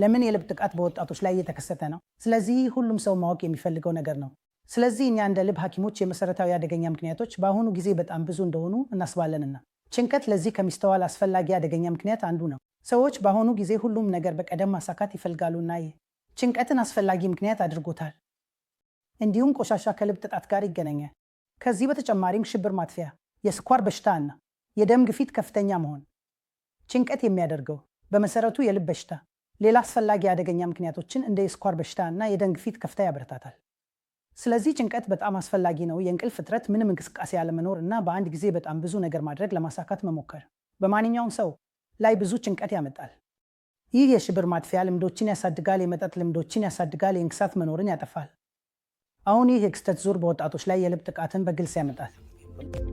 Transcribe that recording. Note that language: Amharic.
ለምን የልብ ጥቃት በወጣቶች ላይ እየተከሰተ ነው? ስለዚህ ሁሉም ሰው ማወቅ የሚፈልገው ነገር ነው። ስለዚህ እኛ እንደ ልብ ሐኪሞች የመሰረታዊ አደገኛ ምክንያቶች በአሁኑ ጊዜ በጣም ብዙ እንደሆኑ እናስባለንና ጭንቀት ለዚህ ከሚስተዋል አስፈላጊ አደገኛ ምክንያት አንዱ ነው። ሰዎች በአሁኑ ጊዜ ሁሉም ነገር በቀደም ማሳካት ይፈልጋሉና ይህ ጭንቀትን አስፈላጊ ምክንያት አድርጎታል። እንዲሁም ቆሻሻ ከልብ ጥቃት ጋር ይገናኛል። ከዚህ በተጨማሪም ሽብር ማጥፊያ፣ የስኳር በሽታ እና የደም ግፊት ከፍተኛ መሆን ጭንቀት የሚያደርገው በመሰረቱ የልብ በሽታ ሌላ አስፈላጊ አደገኛ ምክንያቶችን እንደ የስኳር በሽታ እና የደም ግፊት ከፍታ ያበረታታል። ስለዚህ ጭንቀት በጣም አስፈላጊ ነው። የእንቅልፍ እጥረት፣ ምንም እንቅስቃሴ ያለመኖር እና በአንድ ጊዜ በጣም ብዙ ነገር ማድረግ ለማሳካት መሞከር በማንኛውም ሰው ላይ ብዙ ጭንቀት ያመጣል። ይህ የሽብር ማጥፊያ ልምዶችን ያሳድጋል፣ የመጠጥ ልምዶችን ያሳድጋል፣ የእንስሳት መኖርን ያጠፋል። አሁን ይህ የክስተት ዙር በወጣቶች ላይ የልብ ጥቃትን በግልጽ ያመጣል።